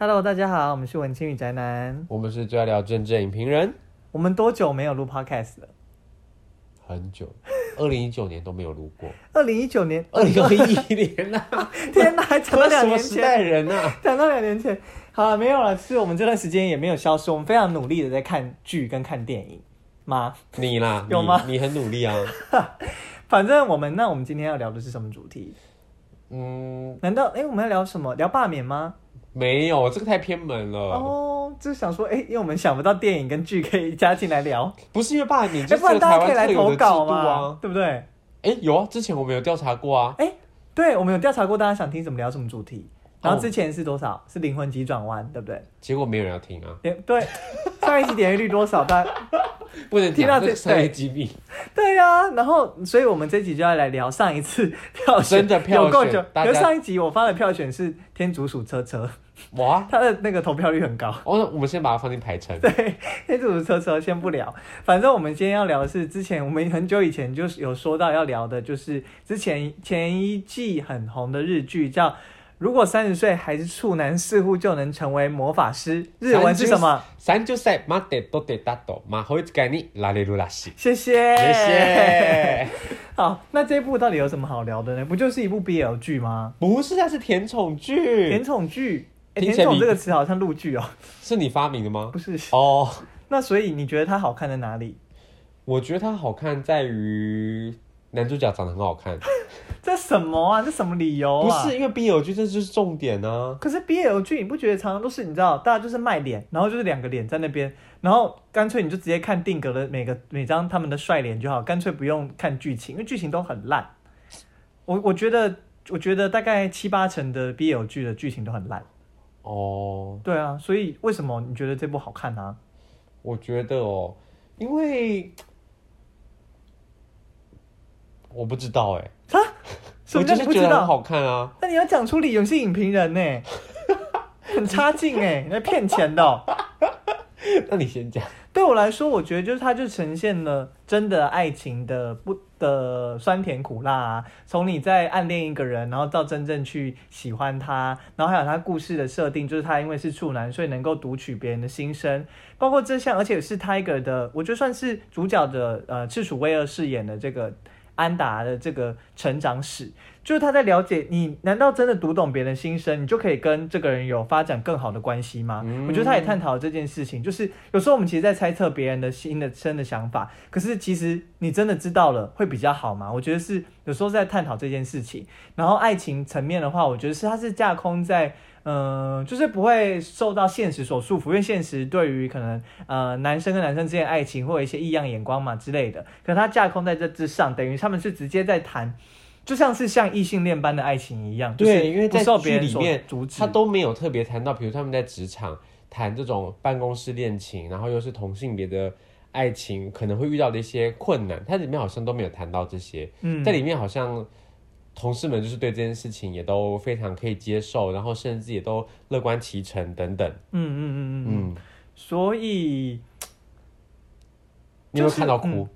Hello，大家好，我們是文青與宅男，我們是最愛聊真正影評人。我們多久沒有錄 Podcast 了？很久，二零一九年都沒有錄過。二零一九年，二零二一年、啊、 天哪，還差兩年前？什麼時代人、啊、到兩年前。好了，沒有了。是我們這段時間也沒有消失，我們非常努力的在看劇跟看電影。媽，你啦， 有嗎你？你很努力啊。 反正我們那，我們今天要聊的是什麼主題？嗯，難道哎、欸，我們要聊什麼？聊罷免嗎？沒有，這個太偏門了。哦，oh, 就是想說，哎、欸，因為我們想不到電影跟劇可以加進來聊。 不是因為爸，你就是、啊欸、不然大家可以來投稿啊，對不對？哎，有啊，之前我們有調查過啊。哎、欸，對，我們有調查過，大家想聽什麼，聊什麼主題。然後之前是多少？Oh, 是靈魂急轉彎，對不對？結果沒有人要聽啊。對，上一集點擊率多少？ 大家不能聽到這三 A 病。對啊，然後，所以我們這集就要來聊上一次票選，真的票選有夠久家比如上一集我發的票選是天竺鼠車車。哇，他的那個投票率很高。我說、哦、我們先把它放進排程。 對，那組的車車先不聊。反正我們今天要聊的是之前我們很久以前就有說到要聊的，就是之前前一季很紅的日劇叫《如果三十歲還是處男，似乎就能成為魔法師》。日文是什麼？三十歳まで童貞だと魔法使いになれるらしい。謝謝，謝謝。 好，那這一部到底有什麼好聊的呢？不就是一部 BL 劇嗎？不是，它是甜寵劇，甜寵劇。甜寵，這個詞好像陸劇哦，是你發明的嗎？ 不是哦，oh, 那所以你覺得它好看在哪裡？我覺得它好看在於男主角長得很好看， 這什麼啊？這什麼理由、啊？不是因為 BL 劇這就是重點呢、啊。可是 BL 劇你不覺得常常都是你知道，大家就是賣臉，然後就是兩個臉在那邊，然後乾脆你就直接看定格的每個每張他們的帥臉就好，乾脆不用看劇情，因為劇情都很爛。我我覺得我覺得大概七八成的 BL 劇的劇情都很爛。哦，oh, 對啊，所以為什麼你覺得這部好看呢、啊？我覺得哦，因為我不知道哎、欸，啊，什麼叫你不知道？我就是覺得好看啊。那你要講出理由、欸 欸，你是影評人呢，很差勁哎，你在騙錢的、喔。 那你先講。對我來說，我覺得就是它就呈現了真的愛情的不。的酸甜苦辣啊，從你在暗戀一個人，然後到真正去喜歡他，然後還有他故事的設定，就是他因為是處男，所以能夠讀取別人的心聲，包括這項，而且是 Tiger 的，我覺得算是主角的，呃，赤楚衛二飾演的這個。安達的這個成長史，就是他在了解你。難道真的讀懂別人心聲，你就可以跟這個人有發展更好的關係嗎？嗯、我覺得他也探討了這件事情。就是有時候我們其實，在猜測別人的心的深的想法，可是其實你真的知道了會比較好嗎？我覺得是有時候在探討這件事情。然後愛情層面的話，我覺得是他是架空在。嗯、呃，就是不會受到現實所束縛，因為現實對於可能呃男生跟男生之間愛情會有一些異樣眼光嘛之類的。可他架空在這之上，等於他們是直接在談，就像是像異性戀般的愛情一樣。就是、對，因為在劇裡面，他都沒有特別談到，比如他們在職場談這種辦公室戀情，然後又是同性別的愛情可能會遇到的一些困難，他裡面好像都沒有談到這些。嗯，在裡面好像。同事們就是對這件事情也都非常可以接受，然後甚至也都樂觀其成等等。嗯嗯嗯嗯嗯。嗯，所以，你有沒有看到哭？就是嗯、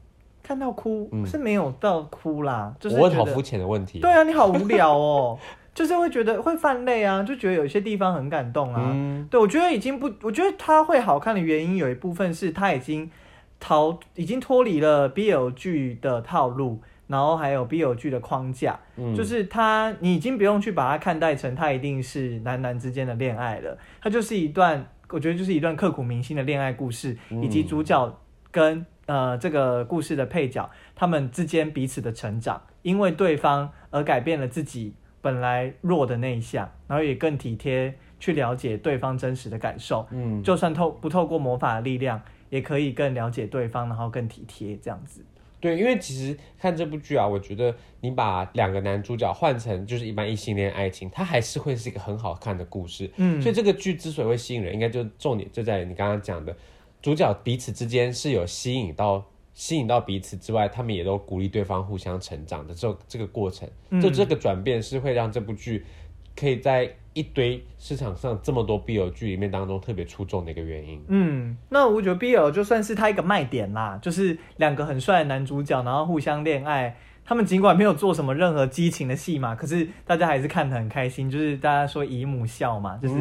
看到哭、嗯、是沒有到哭啦，就是。我問好膚淺的問題。對啊，你好無聊哦，喔， 就是會覺得會泛淚啊，就覺得有些地方很感動啊。嗯、對，我覺得已經不，我覺得它會好看的原因有一部分是它已經逃，已經脫離了 BL 劇的套路。然後還有 BL 劇的框架，嗯、就是它，你已經不用去把它看待成它一定是男男之間的戀愛了，它就是一段，我覺得就是一段刻骨銘心的戀愛故事，嗯、以及主角跟呃這個故事的配角他們之間彼此的成長，因為對方而改變了自己本來弱的內向，然後也更體貼去了解對方真實的感受，嗯，就算透不透過魔法的力量，也可以更了解對方，然後更體貼這樣子。對，因為其實看這部劇啊，我覺得你把兩個男主角換成就是一般異性戀愛情，它還是會是一個很好看的故事。嗯，所以這個劇之所以會吸引人，應該就重點就在於你剛剛講的，主角彼此之間是有吸引到吸引到彼此之外，他們也都鼓勵對方互相成長的這這個過程，嗯、就這個轉變是會讓這部劇。可以在一堆市場上這麼多 BL 劇裡面當中特別出眾的一個原因。嗯，那我，我覺得 BL 就算是它一個賣點啦，就是兩個很帥的男主角，然後互相戀愛。他們儘管沒有做什麼任何激情的戲嘛，可是大家還是看得很開心。就是大家說姨母笑嘛，就是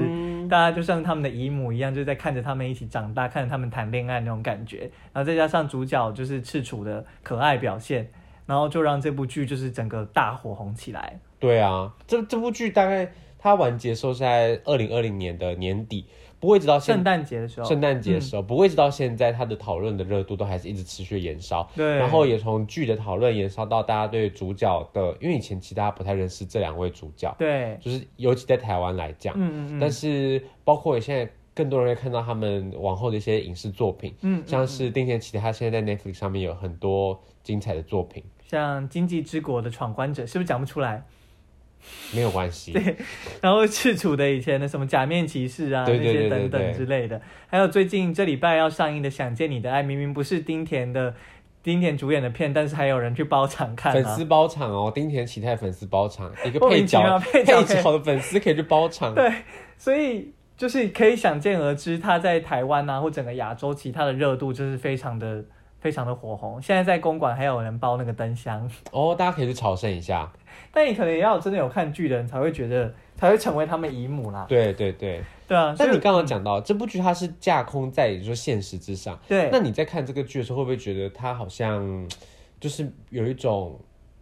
大家就像他們的姨母一樣，就在看着他們一起長大，看着他們談戀愛那種感覺。然後再加上主角就是赤楚的可愛表現，然後就讓這部劇就是整個大火紅起來。對啊，這這部劇大概它完結時候是在二零二零年的年底，不會直到現聖誕節的時候。聖誕節的時候、嗯、不會直到現在，它的討論的熱度都還是一直持續延燒。對，然後也從劇的討論延燒到大家對主角的，因為以前其他不太認識這兩位主角，對，就是尤其在台灣來講，嗯嗯嗯。但是包括現在更多人會看到他們往後的一些影視作品，嗯，嗯，嗯，像是町田啟太，他現在在 Netflix 上面有很多精彩的作品，像《今際之國的闖關者》，是不是講不出來？沒有關係。對，然後赤楚的以前的什麼假面騎士啊那些等等之類的，還有最近這禮拜要上映的《想見你的愛》，明明不是町田的，町田主演的片，但是還有人去包場看，啊。粉絲包場哦，町田啟太粉絲包場，一個配角，啊、配角好的粉絲可以去包場。對，所以就是可以想見而知，他在台灣啊或整個亞洲，其他的熱度就是非常的。非常的火紅，現在在公館還有人包那個燈箱哦，大家可以去朝聖一下。 但你可能也要真的有看劇的人才會覺得才會成為他們姨母啦。對對對，對啊。但以你剛剛講到、嗯、這部劇，它是架空在，也就是現實之上。對。那你在看這個劇的時候，會不會覺得它好像就是有一種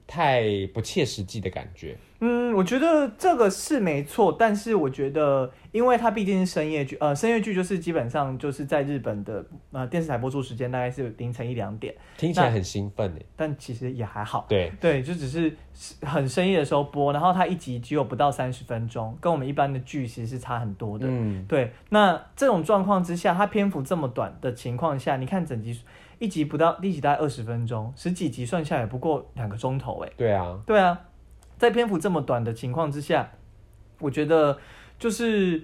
太不切實際的感覺？嗯，我覺得這個是沒錯，但是我覺得，因為它畢竟是深夜劇，呃，深夜劇就是基本上就是在日本的呃電視台播出時間大概是凌晨一兩點，聽起來那很興奮，但其實也還好。對對，就只是很深夜的時候播，然後它一集只有不到三十分鐘，跟我們一般的劇其實是差很多的。嗯，對。那這種狀況之下，它篇幅這麼短的情況下，你看整集一集不到，一集大概二十分鐘，十幾集算下來也不過兩個鐘頭哎。對啊，對啊。在篇幅這麼短的情況之下，我覺得就是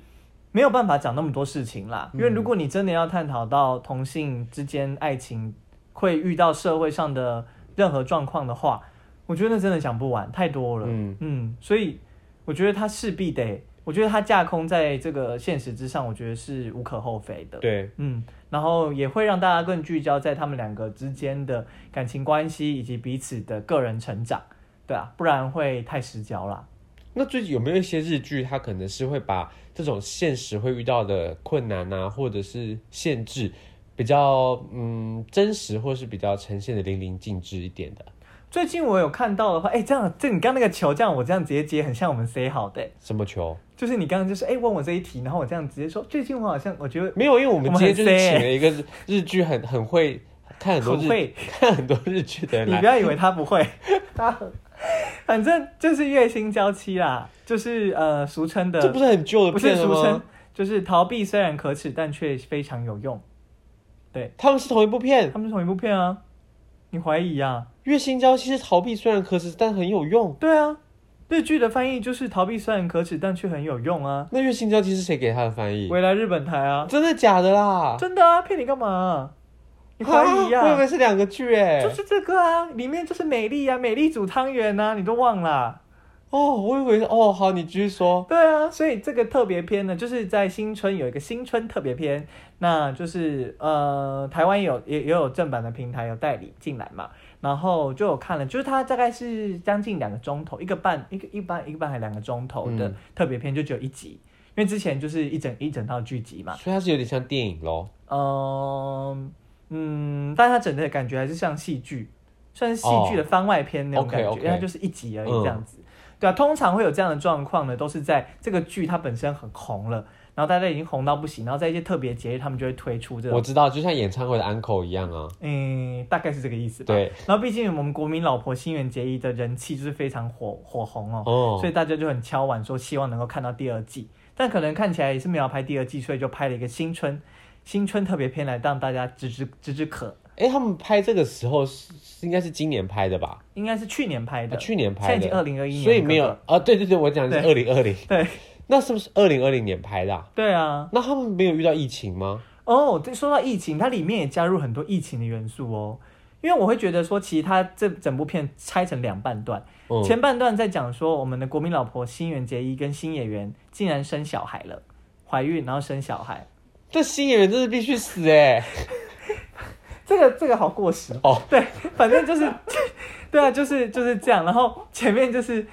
沒有辦法講那麼多事情啦。嗯，因為如果你真的要探討到同性之間愛情會遇到社會上的任何狀況的話，我覺得那真的講不完，太多了。嗯嗯，所以我覺得他勢必得，我覺得他架空在這個現實之上，我覺得是無可厚非的。對，嗯，然後也會讓大家更聚焦在他們兩個之間的感情關係以及彼此的個人成長。對啊，不然會太失焦了。那最近有沒有一些日劇，它可能是會把這種現實會遇到的困難啊，或者是限制，比較嗯真實，或是比較呈現的淋漓盡致一點的？最近我有看到的話，哎，這樣，這你剛那個球，這樣我這樣直接接，很像我們 say 好的。什麼球？就是你剛剛就是哎問我這一題，然後我這樣直接說，最近我好像我覺得沒有，因為我們，我們今天就是請了一個日劇很很，很 say 很會看很多日劇，很會看很多日劇的。 來你不要以為他不會， 他很。反正就是月薪嬌妻啦，就是呃俗稱的，這不是很舊的片了嗎？不是俗稱，就是逃避雖然可恥，但卻非常有用。對，他們是同一部片，他們是同一部片啊。你懷疑啊？月薪嬌妻是逃避雖然可恥，但很有用。對啊，日劇的翻譯就是逃避雖然可恥，但卻很有用啊。那月薪嬌妻是誰給他的翻譯？未來日本台啊，真的假的啦？真的啊，騙你幹嘛、啊？你懷疑呀、啊啊？我以為是兩個劇誒、欸，就是這個啊，裡面就是美麗啊，美麗煮湯圓吶，你都忘了、啊？哦，我以為哦，好，你繼續說。對啊，所以這個特別篇呢，就是在新春有一個新春特別篇，那就是呃，台灣有也也有正版的平台有代理進來嘛，然後就我看了，就是它大概是將近兩個鐘頭，一個半，一個一個半，一個半還兩個鐘頭的特別篇，就只有一集，嗯、因為之前就是一整一整套劇集嘛，所以它是有點像電影咯。嗯、呃。嗯，但是它整的感覺還是像戲劇，算是戲劇的番外篇那種感覺，oh, okay, okay. 因為它就是一集而已、嗯、這樣子，對啊，通常會有這樣的狀況呢，都是在這個劇它本身很紅了，然後大家已經紅到不行，然後在一些特別節日，他們就會推出這種、個。我知道，就像演唱會的 encore 一樣啊。嗯，大概是這個意思。對、嗯。然後畢竟我們國民老婆新垣結衣的人氣就是非常火火紅哦，嗯、所以大家就很敲碗說希望能夠看到第二季，但可能看起來也是沒有拍第二季，所以就拍了一個新春。新春特別篇來讓大家止止止止渴。哎、欸，他們拍這個時候是應該是今年拍的吧？應該是去年拍的，啊、去年拍的，現在已經二零二一年格格，所以沒有啊？對對對，我講的是二零二零。對， 對那是不是二零二零年拍的，啊？對啊。那他們沒有遇到疫情嗎？哦，對說到疫情，它裡面也加入很多疫情的元素哦。因為我會覺得說，其實它這整部片拆成兩半段，嗯、前半段在講說我們的國民老婆新垣結衣跟星野源竟然生小孩了，懷孕然後生小孩。這新演員真是必須死哎、欸！這個這個好過時哦。Oh. 對，反正就是， 對啊，就是就是這樣。然後前面就是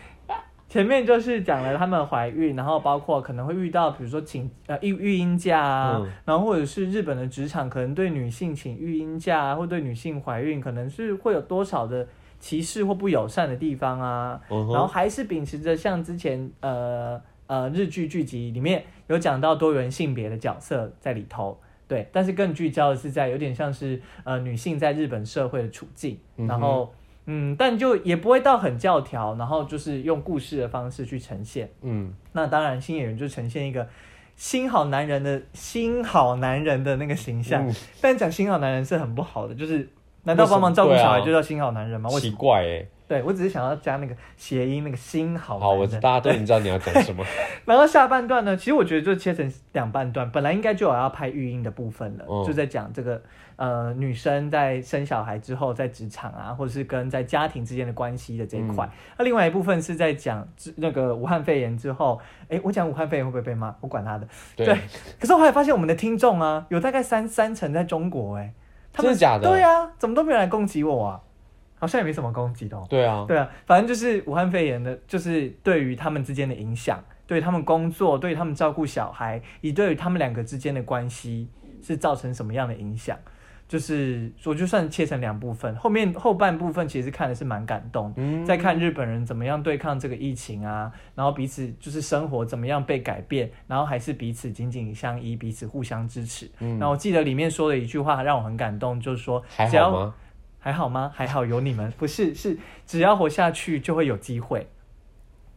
前面就是講了他們懷孕，然後包括可能會遇到，比如說請呃育育嬰假啊，嗯、然後或者是日本的職場可能對女性請育嬰假啊，或對女性懷孕可能是會有多少的歧視或不友善的地方啊。Uh huh. 然後還是秉持着像之前呃。呃，日劇劇集裡面有講到多元性別的角色在裡頭，對，但是更聚焦的是在有點像是呃女性在日本社會的處境，嗯、哼然後嗯，但就也不會到很教條，然後就是用故事的方式去呈現，嗯，那當然星野源就呈現一個新好男人的新好男人的那個形象，嗯、但講新好男人是很不好的，就是難道幫忙照顧小孩就叫新好男人嗎？啊、奇怪哎、欸。對，我只是想要加那個諧音，那個心好的。好，我大家都已經知道你要講什麼。對 然後下半段呢，其實我覺得就切成兩半段，本來應該就要拍育嬰的部分了，嗯、就在講這個呃女生在生小孩之後，在職場啊，或者是跟在家庭之間的關係的這一塊。那、嗯、另外一部分是在講那個武漢肺炎之後，哎、欸，我講武漢肺炎會不會被罵，我管他的。對,對。可是我後來發現，我們的聽眾啊，有大概三三成在中國、欸，哎，真的假的？對呀、啊，怎麼都沒有人來攻擊我啊？好像，哦，也沒什麼攻擊的，哦。對啊，對啊，反正就是武漢肺炎的，就是對於他們之間的影響，對他們工作，對他們照顧小孩，以對於他們兩個之間的關係是造成什麼樣的影響？就是我就算切成兩部分，後面後半部分其實看的是蠻感動，嗯，在看日本人怎麼樣對抗這個疫情啊，然後彼此就是生活怎麼樣被改變，然後還是彼此緊緊相依，彼此互相支持。嗯，那我記得裡面說的一句話讓我很感動，就是說，只要。還好嗎？還好有你們，不是是只要活下去就會有機會，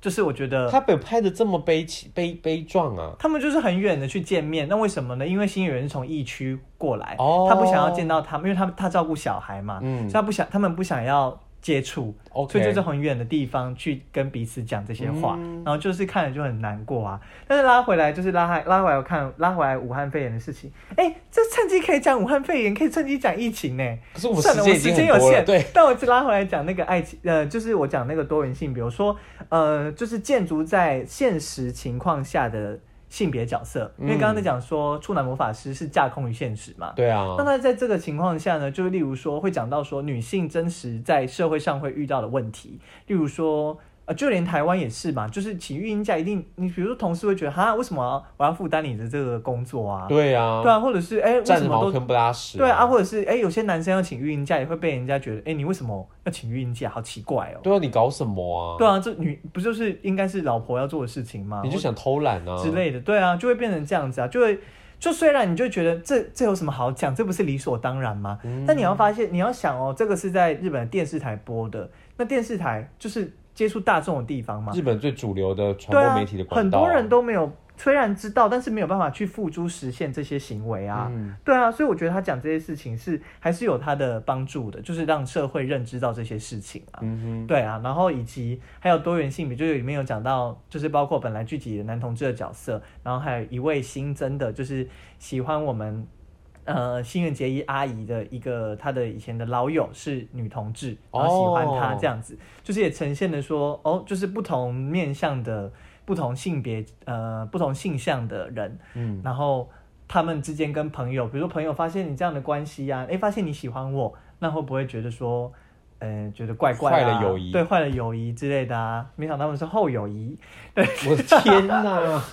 就是我覺得他被拍的這麼悲凄悲悲壯啊，他們就是很遠的去見面，那為什麼呢？因為新垣是從疫區過來，Oh. 他不想要見到他們，因為他他照顧小孩嘛，嗯，所以他不想他們不想要。接觸，Okay. 所以就是很遠的地方去跟彼此講這些話，嗯、然後就是看了就很難過啊。但是拉回來就是拉回拉回來我看拉回來武漢肺炎的事情，哎、欸，就趁機可以講武漢肺炎，可以趁機講疫情呢。不是，我時間有限。對。但我只拉回來講那個愛情，呃，就是我講那個多元性，比如說，呃，就是建築在現實情況下的。性別角色，因為剛剛在講說，嗯、處男魔法師是架空於現實嘛。對啊。那在在這個情況下呢，就是例如說，會講到說，女性真實在社會上會遇到的問題，例如說。啊，就連台灣也是嘛，就是請育嬰假一定，你比如說，同事會覺得，哈，為什麼我要負擔你的這個工作啊？對啊，對啊，或者是哎、欸，為什麼都占着茅坑不拉屎啊？對啊，或者是哎、欸，有些男生要請育嬰假，也會被人家覺得，哎、欸，你為什麼要請育嬰假？好奇怪哦喔。對啊，你搞什麼啊？對啊，這女不就是應該是老婆要做的事情嗎？你就想偷懶啊之類的。對啊，就會變成這樣子啊，就會就雖然你就會覺得這這有什麼好講？這不是理所當然嗎？嗯、但你要發現，你要想哦，這個是在日本電視台播的，那電視台就是。接觸大眾的地方嘛，日本最主流的傳播媒體的管道，對啊，很多人都沒有，雖然知道，但是沒有辦法去付諸實現這些行為啊，嗯、對啊，所以我覺得他講這些事情是還是有他的幫助的，就是讓社會認知到這些事情啊，嗯哼對啊，然後以及還有多元性，比如裡面有講到，就是包括本來具體的男同志的角色，然後還有一位新增的，就是喜歡我們。呃，新垣結衣阿姨的一個她的以前的老友是女同志，oh. 然後喜歡她這樣子，就是也呈現的說，哦，就是不同面向的、不同性別、呃，不同性向的人，嗯，然後他們之間跟朋友，比如說朋友發現你這樣的關係呀、啊，誒，發現你喜歡我，那會不會覺得說？嗯、呃，覺得怪怪的、啊，友對，壞了友誼之類的啊，沒想到他們是後友誼， 對我的天哪、啊，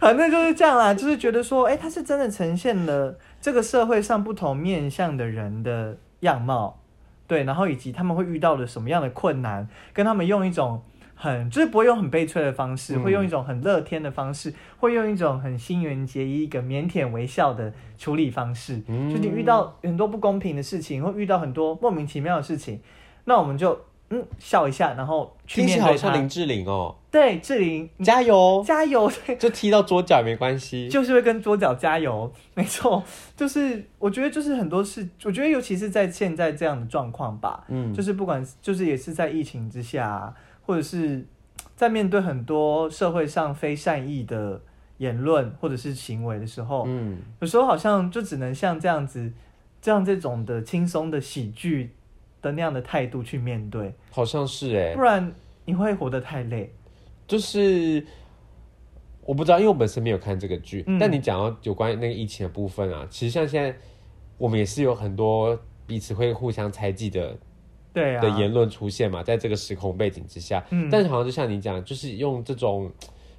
反正 就是這樣啦、啊，就是覺得說，哎、欸，他是真的呈現了這個社會上不同面向的人的樣貌，對，然後以及他們會遇到了什麼樣的困難，跟他們用一種。很就是不會用很悲催的方式，會用一種很樂天的方式，會、嗯、用一種很新垣結衣、一個靦腆微笑的處理方式。嗯，就你遇到很多不公平的事情，會遇到很多莫名其妙的事情，那我們就嗯笑一下，然後去面對他。聽起來好像林志玲哦，對，志玲加油加油，加油對，就踢到桌角也沒關係，就是會跟桌角加油，沒錯，就是我覺得就是很多事，我覺得尤其是在現在這樣的狀況吧，嗯，就是不管就是也是在疫情之下。或者是在面對很多社會上非善意的言論或者是行為的時候，嗯，有時候好像就只能像這樣子，這樣這種的輕鬆的喜劇的那樣的態度去面對，好像是哎、欸，不然你會活得太累。就是我不知道，因為我本身沒有看這個劇，嗯、但你講到有關於那個疫情的部分啊，其實像現在我們也是有很多彼此會互相猜忌的。對啊、的言論出現嘛，在這個時空背景之下，嗯，但是好像就像你講，就是用這種，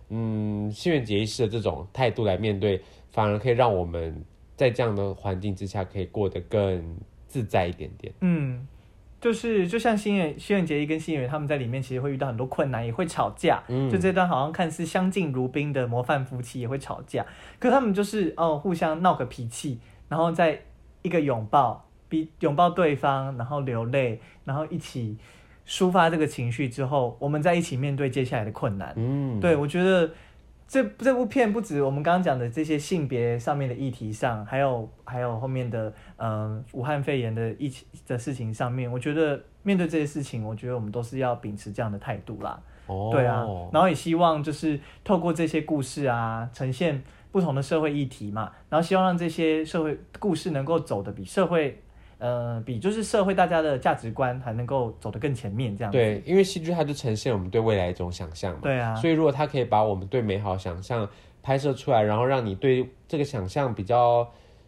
嗯，新垣結衣式的這種態度來面對，反而可以讓我們在這樣的環境之下可以過得更自在一點點。嗯，就是就像新垣新垣結衣跟新垣他們在裡面其實會遇到很多困難，也會吵架。嗯，就這段好像看似相敬如賓的模範夫妻也會吵架，可他們就是哦互相鬧個脾氣，然後再一個擁抱擁抱對方，然後流淚，然後一起抒發這個情緒之後，我們再一起面對接下來的困難。嗯，對，我覺得這這部片不止我們剛剛講的這些性別上面的議題上，還有還有後面的嗯、呃、武漢肺炎的一起的事情上面，我覺得面對這些事情，我覺得我們都是要秉持這樣的態度啦。哦，對啊，然後也希望就是透過這些故事啊，呈現不同的社會議題嘛，然後希望讓這些社會故事能夠走得比社會。呃，比就是社會大家的價值觀還能夠走得更前面，這樣對，因為戲劇它就呈現我們對未來一種想象嘛，對啊，所以如果它可以把我們對美好想象拍攝出來，然後讓你對這個想象比較。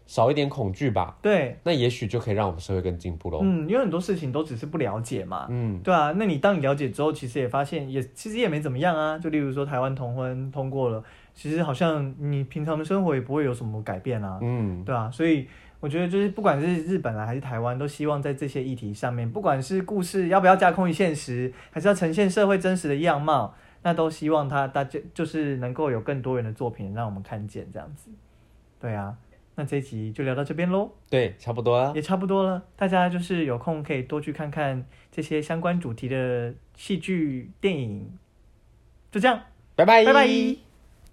少一點恐懼吧，對，那也許就可以讓我們社會更進步嘍。嗯，因為很多事情都只是不了解嘛。嗯，對啊。那你當你了解之後，其實也發現也，也其實也沒怎麼樣啊。就例如說台灣同婚通過了，其實好像你平常的生活也不會有什麼改變啊。嗯，對啊。所以我覺得就是不管是日本啦還是台灣，都希望在這些議題上面，不管是故事要不要架空於現實，還是要呈現社會真實的樣貌，那都希望他大家就是能夠有更多元的作品讓我們看見這樣子。對啊。那這一集就聊到這邊嘍，對，差不多，也差不多了。大家就是有空可以多去看看這些相關主題的戲劇、電影。就這樣，拜拜，拜拜。